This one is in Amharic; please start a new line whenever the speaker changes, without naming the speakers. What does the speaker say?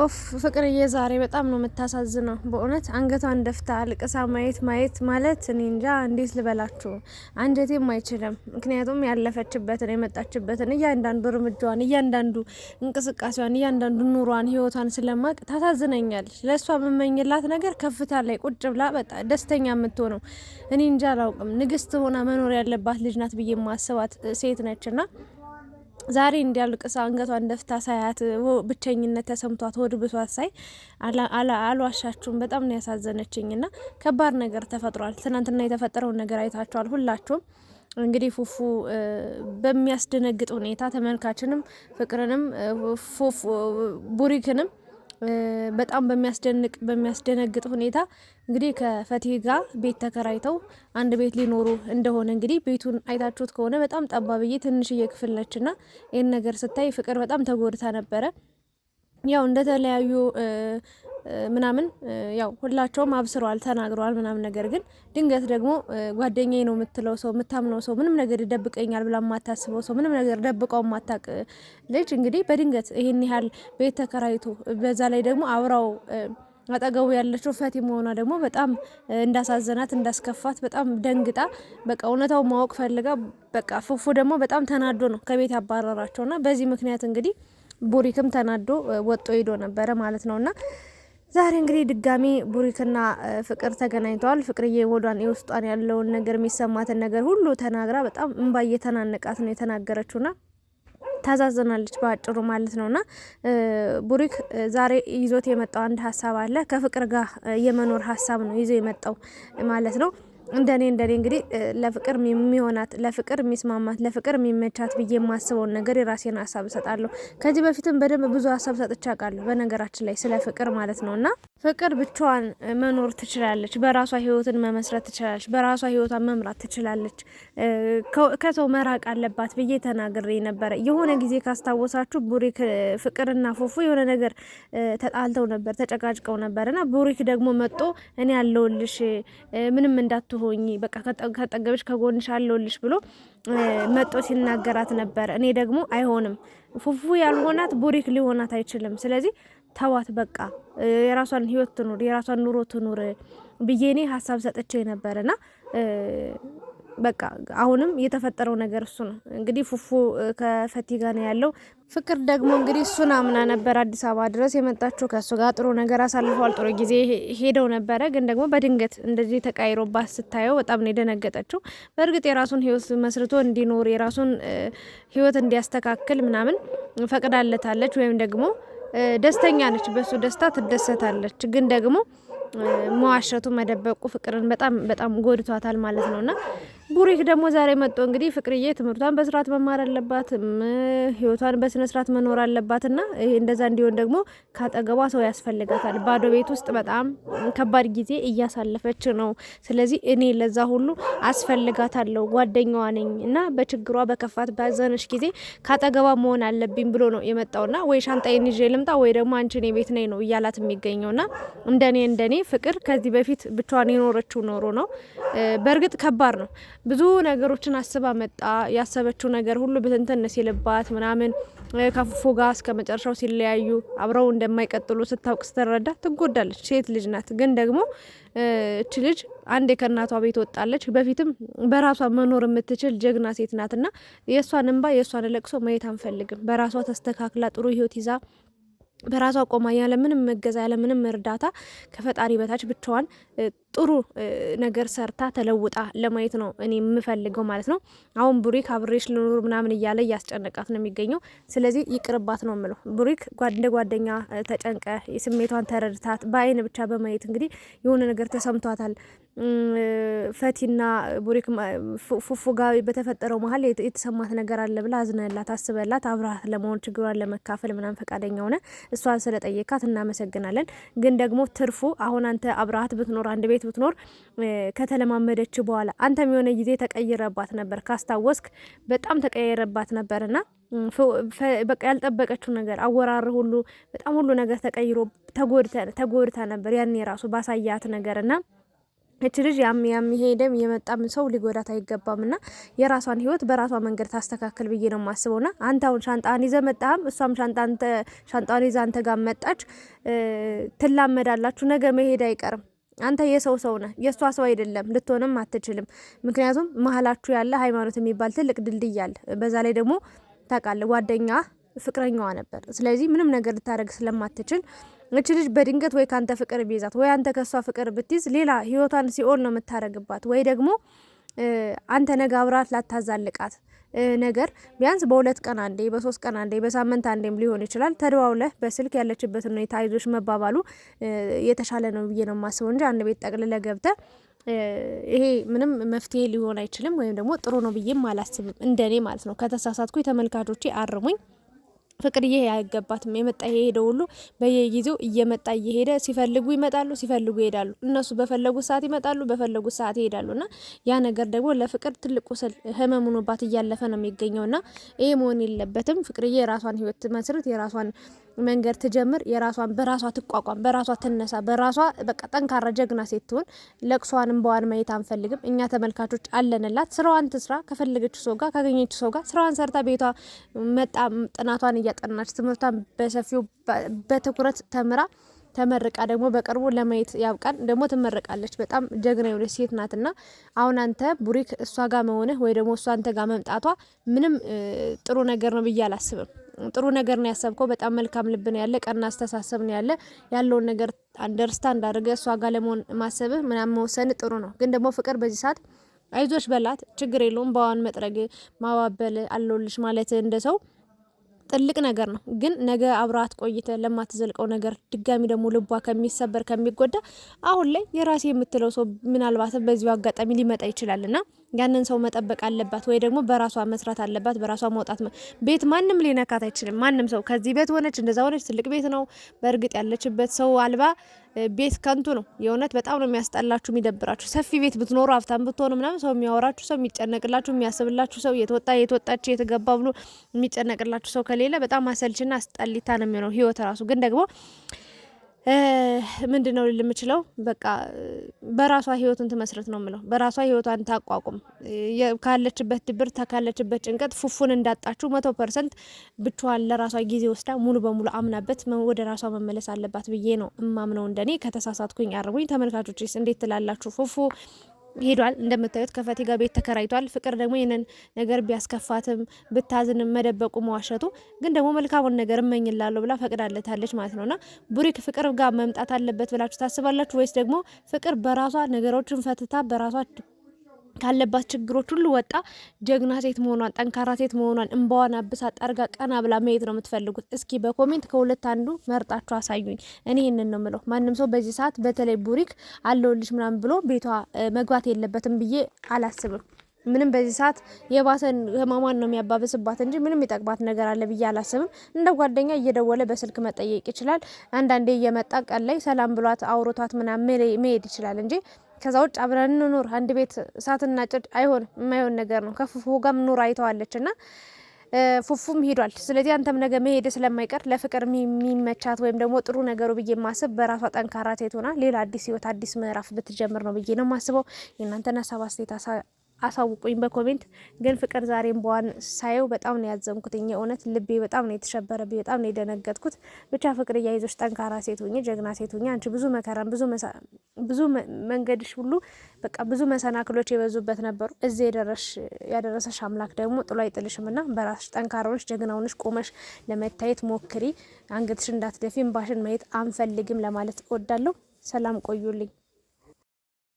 ኦፍ ፍቅርዬ ዛሬ በጣም ነው የምታሳዝነው። በእውነት አንገቷን ደፍታ አልቅሳ ማየት ማየት ማለት እኔ እንጃ እንዴት ልበላችሁ፣ አንጀቴም አይችልም። ምክንያቱም ያለፈችበትን የመጣችበትን እያንዳንዱ እርምጃዋን፣ እያንዳንዱ እንቅስቃሴዋን፣ እያንዳንዱ ኑሯን፣ ህይወቷን ስለማቅ ታሳዝነኛለች። ለእሷ የምመኝላት ነገር ከፍታ ላይ ቁጭ ብላ በጣ ደስተኛ የምትሆነው እኔ እንጃ አላውቅም። ንግስት ሆና መኖር ያለባት ልጅ ናት ብዬ ማስባት ሴት ነችና ዛሬ እንዲያልቅስ አንገቷን ደፍታ ሳያት ብቸኝነት ተሰምቷት ሆድ ሳይ አልዋሻችሁም፣ በጣም ነው ያሳዘነችኝ። ና ከባድ ነገር ተፈጥሯል። ትናንትና የተፈጠረውን ነገር አይታችኋል ሁላችሁም። እንግዲህ ፉፉ በሚያስደነግጥ ሁኔታ ተመልካችንም ፍቅርንም ቡሪክንም በጣም በሚያስደንቅ በሚያስደነግጥ ሁኔታ እንግዲህ ከፈትሄ ጋር ቤት ተከራይተው አንድ ቤት ሊኖሩ እንደሆነ እንግዲህ ቤቱን አይታችሁት ከሆነ በጣም ጠባብዬ ትንሽዬ ክፍል ነችና ይህን ነገር ስታይ ፍቅር በጣም ተጎድታ ነበረ። ያው እንደተለያዩ ምናምን ያው ሁላቸውም አብስረዋል ተናግረዋል ምናምን። ነገር ግን ድንገት ደግሞ ጓደኛዬ ነው የምትለው ሰው የምታምነው ሰው ምንም ነገር ይደብቀኛል ብላ የማታስበው ሰው ምንም ነገር ደብቀው የማታቅ ልጅ እንግዲህ በድንገት ይህን ያህል ቤት ተከራይቶ በዛ ላይ ደግሞ አብራው አጠገቡ ያለችው ፈቲ መሆኗ ደግሞ በጣም እንዳሳዘናት እንዳስከፋት በጣም ደንግጣ በቃ እውነታው ማወቅ ፈልጋ በቃ ፉፉ ደግሞ በጣም ተናዶ ነው ከቤት ያባረራቸውና በዚህ ምክንያት እንግዲህ ቡሪክም ተናዶ ወጦ ሄዶ ነበረ ማለት ነውና ዛሬ እንግዲህ ድጋሚ ቡሪክና ፍቅር ተገናኝተዋል። ፍቅርዬ ወዷን የውስጧን ያለውን ነገር የሚሰማትን ነገር ሁሉ ተናግራ በጣም እንባ እየተናነቃት ነው የተናገረችውና ታዛዘናለች በአጭሩ ማለት ነውና ቡሪክ ዛሬ ይዞት የመጣው አንድ ሀሳብ አለ። ከፍቅር ጋር የመኖር ሀሳብ ነው ይዞ የመጣው ማለት ነው። እንደኔ እንደኔ እንግዲህ ለፍቅር የሚሆናት ለፍቅር የሚስማማት ለፍቅር የሚመቻት ብዬ የማስበውን ነገር የራሴን ሀሳብ እሰጣለሁ። ከዚህ በፊትም በደንብ ብዙ ሀሳብ ሰጥቻ ቃለሁ በነገራችን ላይ ስለ ፍቅር ማለት ነው እና ፍቅር ብቻዋን መኖር ትችላለች። በራሷ ህይወትን መመስረት ትችላለች። በራሷ ህይወቷን መምራት ትችላለች። ከሰው መራቅ አለባት ብዬ ተናግሬ ነበረ። የሆነ ጊዜ ካስታወሳችሁ ቡሪክ ፍቅርና ፉፉ የሆነ ነገር ተጣልተው ነበር፣ ተጨቃጭቀው ነበር እና ቡሪክ ደግሞ መጦ እኔ ያለውልሽ ምንም እንዳትሆኝ፣ በቃ ከጠገብሽ ከጎንሽ አለውልሽ ብሎ መጦ ሲናገራት ነበር። እኔ ደግሞ አይሆንም ፉፉ ያልሆናት ቡሪክ ሊሆናት አይችልም። ስለዚህ ተዋት በቃ የራሷን ህይወት ትኑር፣ የራሷን ኑሮ ትኑር ብዬ እኔ ሀሳብ ሰጥቼ ነበርና በቃ አሁንም የተፈጠረው ነገር እሱ ነው። እንግዲህ ፉፉ ከፈቲ ጋር ነው ያለው። ፍቅር ደግሞ እንግዲህ እሱን አምና ነበር አዲስ አበባ ድረስ የመጣችው። ከእሱ ጋር ጥሩ ነገር አሳልፈዋል፣ ጥሩ ጊዜ ሄደው ነበረ። ግን ደግሞ በድንገት እንደዚህ ተቃይሮባት ስታየው በጣም ነው የደነገጠችው። በእርግጥ የራሱን ህይወት መስርቶ እንዲኖር የራሱን ህይወት እንዲያስተካክል ምናምን ፈቅዳለታለች ወይም ደግሞ ደስተኛ ነች፣ በሱ ደስታ ትደሰታለች። ግን ደግሞ መዋሸቱ መደበቁ ፍቅርን በጣም በጣም ጎድቷታል ማለት ነውና ቡሪክ ደግሞ ዛሬ መጥቶ እንግዲህ ፍቅርዬ ትምህርቷን በስርዓት መማር አለባት፣ ህይወቷን በስነ ስርዓት መኖር አለባት እና እንደዛ እንዲሆን ደግሞ ካጠገቧ ሰው ያስፈልጋታል። ባዶ ቤት ውስጥ በጣም ከባድ ጊዜ እያሳለፈች ነው። ስለዚህ እኔ ለዛ ሁሉ አስፈልጋታለሁ፣ ጓደኛዋ ነኝ እና በችግሯ በከፋት ባዘነች ጊዜ ካጠገቧ መሆን አለብኝ ብሎ ነው የመጣውና ወይ ሻንጣዬን ይዤ ልምጣ ወይ ደግሞ አንቺ እኔ ቤት ነኝ ነው እያላት የሚገኘውና እንደኔ እንደኔ ፍቅር ከዚህ በፊት ብቻዋን የኖረችው ኖሮ ነው። በእርግጥ ከባድ ነው። ብዙ ነገሮችን አስባ መጣ። ያሰበችው ነገር ሁሉ ብትንትን ሲልባት ምናምን ከፉፉ ጋር እስከ መጨረሻው ሲለያዩ አብረው እንደማይቀጥሉ ስታውቅ ስትረዳ ትጎዳለች። ሴት ልጅ ናት። ግን ደግሞ እች ልጅ አንዴ ከእናቷ ቤት ወጣለች። በፊትም በራሷ መኖር የምትችል ጀግና ሴት ናት እና የእሷን እንባ የእሷን ለቅሶ ማየት አንፈልግም። በራሷ ተስተካክላ ጥሩ ህይወት ይዛ በራሷ ቆማ ያለምንም መገዛ ያለምንም እርዳታ ከፈጣሪ በታች ብቻዋን ጥሩ ነገር ሰርታ ተለውጣ ለማየት ነው እኔ የምፈልገው ማለት ነው። አሁን ብሩክ አብሬሽ ልኑር ምናምን እያለ እያስጨነቃት ነው የሚገኘው። ስለዚህ ይቅርባት ነው የምለው። ብሩክ እንደ ጓደኛ ተጨንቀ ስሜቷን ተረድታት በአይን ብቻ በማየት እንግዲህ የሆነ ነገር ተሰምቷታል። ፈቲና ቡሪክ ፉፉ ጋር በተፈጠረው መሀል የተሰማት ነገር አለ ብላ አዝነላት አስበላት አብራት ለመሆን ችግሯን ለመካፈል ምናም ፈቃደኛ ሆነ እሷን ስለጠየካት እናመሰግናለን። ግን ደግሞ ትርፉ አሁን አንተ አብራሃት ብትኖር አንድ ቤት ቤት ብትኖር ከተለማመደች በኋላ አንተም የሆነ ጊዜ ተቀይረባት ነበር ካስታወስክ፣ በጣም ተቀይረባት ነበርና በቃ ያልጠበቀችው ነገር አወራር ሁሉ በጣም ሁሉ ነገር ተቀይሮ ተጎድታ ነበር። ያን የራሱ ባሳያት ነገር ነገርና እች ልጅ ያም ያም ሄደም የመጣም ሰው ሊጎዳት አይገባም እና የራሷን ህይወት በራሷ መንገድ ታስተካክል ብዬ ነው የማስበው። ና አንተ አሁን ሻንጣን ይዘ መጣም፣ እሷም ሻንጣን ይዛ አንተ ጋር መጣች፣ ትላመዳላችሁ። ነገ መሄድ አይቀርም አንተ የሰው ሰው ነህ፣ የእሷ ሰው አይደለም፣ ልትሆንም አትችልም። ምክንያቱም መሀላችሁ ያለ ሃይማኖት የሚባል ትልቅ ድልድይ አለ። በዛ ላይ ደግሞ ታውቃለህ ጓደኛ ፍቅረኛዋ ነበር። ስለዚህ ምንም ነገር ልታደርግ ስለማትችል እች ልጅ በድንገት ወይ ከአንተ ፍቅር ቢይዛት ወይ አንተ ከእሷ ፍቅር ብትይዝ ሌላ ህይወቷን ሲኦል ነው የምታደርግባት። ወይ ደግሞ አንተ ነገ አብራት ላታዛልቃት ነገር ቢያንስ በሁለት ቀን አንዴ፣ በሶስት ቀን አንዴ፣ በሳምንት አንዴም ሊሆን ይችላል ተደዋውለህ በስልክ ያለችበትን ሁኔታ አይዞሽ መባባሉ የተሻለ ነው ብዬ ነው የማስበው እንጂ አንድ ቤት ጠቅልለ ገብተ ይሄ ምንም መፍትሄ ሊሆን አይችልም፣ ወይም ደግሞ ጥሩ ነው ብዬም አላስብም እንደኔ ማለት ነው። ከተሳሳትኩ ተመልካቾቼ አርሙኝ። ፍቅርዬ አይገባትም። የመጣ የሄደ ሁሉ በየጊዜው እየመጣ እየሄደ ሲፈልጉ ይመጣሉ፣ ሲፈልጉ ይሄዳሉ። እነሱ በፈለጉት ሰዓት ይመጣሉ፣ በፈለጉ ሰዓት ይሄዳሉ። እና ያ ነገር ደግሞ ለፍቅር ትልቅ ቁስል ህመም ሆኖባት እያለፈ ነው የሚገኘው። እና ይሄ መሆን የለበትም። ፍቅርዬ የራሷን ህይወት መስርት የራሷን መንገድ ትጀምር፣ የራሷን በራሷ ትቋቋም፣ በራሷ ትነሳ፣ በራሷ በቃ ጠንካራ ጀግና ሴት ትሆን። ለቅሷን እንባዋን ማየት አንፈልግም እኛ ተመልካቾች አለንላት። ስራዋን ትስራ፣ ከፈለገች ሰው ጋር ካገኘች ሰው ጋር ስራዋን ሰርታ ቤቷ መጣ ጥናቷን እያጠናች ትምህርቷን በሰፊው በትኩረት ተምራ ተመርቃ ደግሞ በቅርቡ ለማየት ያብቃን። ደግሞ ትመረቃለች። በጣም ጀግና የሆነች ሴት ናትና አሁን አንተ ቡሪክ እሷ ጋር መሆንህ ወይ ደግሞ እሷ አንተ ጋር መምጣቷ ምንም ጥሩ ነገር ነው ብዬ አላስብም። ጥሩ ነገር ነው ያሰብከው። በጣም መልካም ልብ ነው ያለ፣ ቀና አስተሳሰብ ነው ያለ። ያለውን ነገር አንደርስታንድ አድርገህ እሷ ጋር ለመሆን ማሰብህ ምናምን መወሰን ጥሩ ነው። ግን ደግሞ ፍቅር በዚህ ሰዓት አይዞች በላት ችግር የለውም። በዋን መጥረግ ማባበል አለውልሽ ማለት እንደ ሰው ትልቅ ነገር ነው። ግን ነገ አብራት ቆይተ ለማትዘልቀው ነገር ድጋሚ ደግሞ ልቧ ከሚሰበር ከሚጎዳ አሁን ላይ የራሴ የምትለው ሰው ምናልባትም በዚሁ አጋጣሚ ሊመጣ ና። ያንን ሰው መጠበቅ አለባት ወይ ደግሞ በራሷ መስራት አለባት። በራሷ መውጣት ቤት ማንም ሊነካት አይችልም። ማንም ሰው ከዚህ ቤት ሆነች እንደዛ ሆነች ትልቅ ቤት ነው። በእርግጥ ያለችበት ሰው አልባ ቤት ከንቱ ነው። የእውነት በጣም ነው የሚያስጠላችሁ፣ የሚደብራችሁ። ሰፊ ቤት ብትኖሩ ሀብታም ብትሆኑ ምናምን ሰው የሚያወራችሁ ሰው የሚጨነቅላችሁ የሚያስብላችሁ ሰው የተወጣ የተወጣች የተገባ ብሎ የሚጨነቅላችሁ ሰው ከሌለ በጣም አሰልችና አስጠሊታ ነው የሚሆነው ህይወት ራሱ ግን ደግሞ ምንድን ነው ልል የምችለው በቃ በራሷ ህይወቱን ትመስረት ነው ምለው። በራሷ ህይወቷን ታቋቁም። ካለችበት ድብር ካለችበት ጭንቀት ፉፉን እንዳጣችሁ መቶ ፐርሰንት ብቻዋን ለራሷ ጊዜ ወስዳ ሙሉ በሙሉ አምናበት ወደ ራሷ መመለስ አለባት ብዬ ነው እማምነው። እንደኔ ከተሳሳትኩኝ አርሙኝ። ተመልካቾች እንዴት ትላላችሁ? ፉፉ ሄዷል። እንደምታዩት ከፈቴ ጋር ቤት ተከራይቷል። ፍቅር ደግሞ ይህንን ነገር ቢያስከፋትም ብታዝንም መደበቁ መዋሸቱ ግን ደግሞ መልካሙን ነገር እመኝላለሁ ብላ ፈቅዳለታለች ማለት ነውና ቡሪክ ፍቅር ጋር መምጣት አለበት ብላችሁ ታስባላችሁ ወይስ ደግሞ ፍቅር በራሷ ነገሮችን ፈትታ በራሷ ካለባት ችግሮች ሁሉ ወጣ ጀግና ሴት መሆኗን ጠንካራ ሴት መሆኗን እምባዋን አብሳ ጠርጋ ቀና ብላ መሄድ ነው የምትፈልጉት? እስኪ በኮሜንት ከሁለት አንዱ መርጣችሁ አሳዩኝ። እኔ ይህንን ነው ምለው። ማንም ሰው በዚህ ሰዓት በተለይ ቡሪክ ልጅ ምናምን ብሎ ቤቷ መግባት የለበትም ብዬ አላስብም። ምንም በዚህ ሰዓት የባሰን ህመሟን ነው የሚያባብስባት እንጂ ምንም የጠቅባት ነገር አለ ብዬ አላስብም። እንደ ጓደኛ እየደወለ በስልክ መጠየቅ ይችላል። አንዳንዴ እየመጣ ቀን ላይ ሰላም ብሏት አውሮቷት ምናምን መሄድ ይችላል እንጂ ከዛ ውጭ አብረን እንኑር፣ አንድ ቤት እሳትና ጭድ አይሆንም፣ የማይሆን ነገር ነው። ከፉፉ ጋር ኑር አይተዋለች እና ፉፉም ሄዷል። ስለዚህ አንተም ነገ መሄድ ስለማይቀር ለፍቅር የሚመቻት ወይም ደግሞ ጥሩ ነገሩ ብዬ ማስብ በራሷ ጠንካራ ሴት ሆና ሌላ አዲስ ህይወት አዲስ ምዕራፍ ብትጀምር ነው ብዬ ነው ማስበው። የእናንተን ሀሳብ አስተያየት አሳውቁኝ በኮሜንት። ግን ፍቅር ዛሬም በዋን ሳየው በጣም ነው ያዘንኩት የእውነት ልቤ በጣም ነው የተሸበረብኝ፣ በጣም ነው የደነገጥኩት። ብቻ ፍቅር እያይዞች ጠንካራ ሴት ሁኚ፣ ጀግና ሴት ሁኚ። አንቺ ብዙ መከራን ብዙ መንገድሽ ሁሉ በቃ ብዙ መሰናክሎች የበዙበት ነበሩ። እዚህ ያደረሰሽ አምላክ ደግሞ ጥሎ አይጥልሽም እና በራስሽ ጠንካራውንሽ ጀግናውንሽ ቆመሽ ለመታየት ሞክሪ። አንገትሽ እንዳትደፊ፣ እምባሽን ማየት አንፈልግም ለማለት እወዳለሁ። ሰላም ቆዩልኝ።